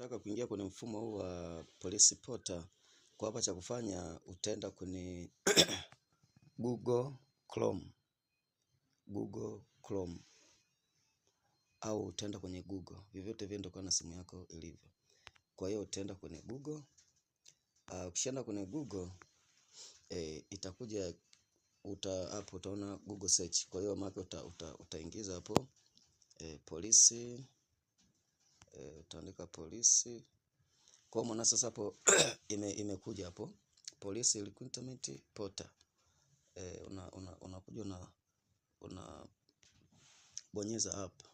Unapotaka kuingia kwenye mfumo huu wa Police pota, kwa hapa cha kufanya utaenda kwenye Google Chrome, Google Chrome au utaenda kwenye Google, vyovyote vile ndio na simu yako ilivyo. Kwa hiyo utaenda kwenye Google. Uh, Ukishaenda kwenye Google eh, itakuja uta hapo utaona Google search. Kwa hiyo maana uta, uta, hapo eh, polisi utaandika polisi. Kwa maana sasa hapo ime, imekuja hapo polisi recruitment portal e, unakuja una, una, una bonyeza hapa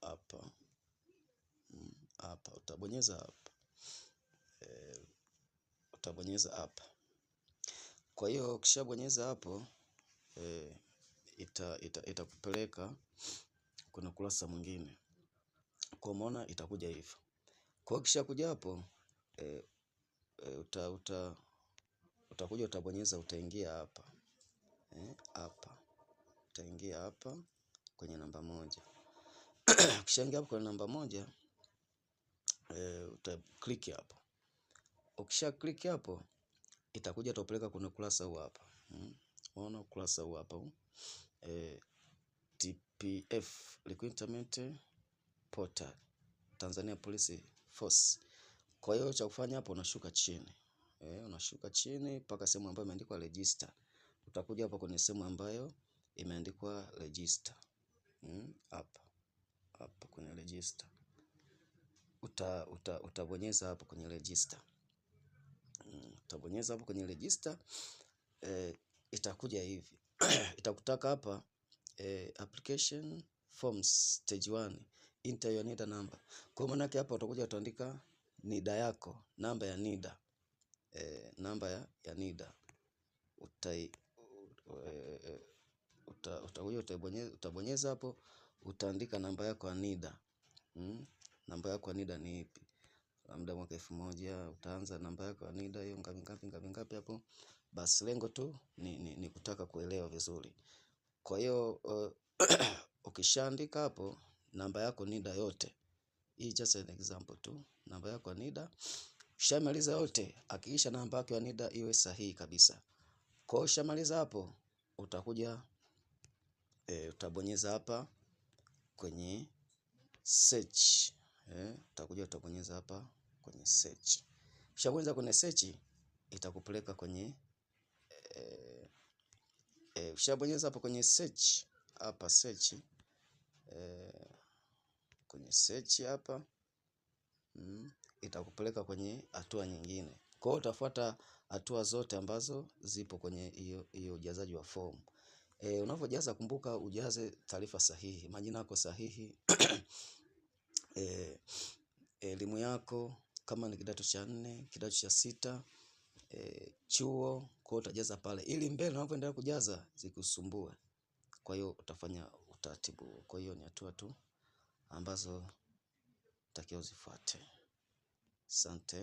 hapa mm, hapa utabonyeza hapa e, utabonyeza hapa. Kwa hiyo ukishabonyeza hapo e, itakupeleka ita, ita kuna kurasa mwingine kwa umeona itakuja hivyo. Kwa kisha kuja hapo e, e, uta, uta, utakuja utabonyeza utaingia hapa. E, hapa. Utaingia hapa kwenye namba moja. Ukishaingia hapo kwenye namba moja e, uta click hapo. Ukisha click hapo itakuja itakupeleka kwenye kurasa huu hapa. Hmm. Unaona kurasa huu hapa huu. E, TPF Recruitment Portal, Tanzania Police Force. Kwa hiyo cha kufanya hapo unashuka chini. Eh, unashuka chini mpaka sehemu ambayo imeandikwa register. Utakuja hapa kwenye sehemu ambayo imeandikwa register. Hmm, hapa. Hapa kwenye register. Uta uta utabonyeza hapo kwenye register. Hmm, utabonyeza hapo kwenye register. Eh, itakuja hivi. Itakutaka hapa eh, application forms stage 1 enter your NIDA number. Kwa maana hapa utakuja utaandika NIDA yako, namba ya NIDA. E, namba ya, ya NIDA. Utai uta, uta, uta, utabonyeza utabonyeza hapo utaandika namba yako ya NIDA. Hmm? Namba yako ya NIDA ni ipi? Labda mwaka elfu moja utaanza namba yako ya NIDA hiyo ngapi ngapi ngapi ngapi hapo. Basi lengo tu ni, ni, ni kutaka kuelewa vizuri. Kwa hiyo uh, ukishaandika hapo namba yako NIDA yote. Hii just an example tu, namba yako NIDA ushamaliza yote, akiisha namba yako ya NIDA iwe sahihi kabisa. Kwa ushamaliza hapo, utakuja e, utabonyeza hapa kwenye search e, utakuja utabonyeza hapa kwenye search. Ushabonyeza kwenye search, itakupeleka kwenye e, eh, e, ushabonyeza hapo kwenye search hapa search e, kwenye search hapa mm, itakupeleka kwenye hatua nyingine. Kwa hiyo utafuata hatua zote ambazo zipo kwenye hiyo ujazaji wa form. E, unavyojaza kumbuka ujaze taarifa sahihi, majina yako sahihi e, elimu yako kama ni kidato cha nne, kidato cha sita e, chuo. Kwa utajaza pale ili mbele unapoendelea kujaza zikusumbue. Kwa hiyo utafanya utaratibu. Kwa hiyo ni hatua tu ambazo takiwa uzifuate. sante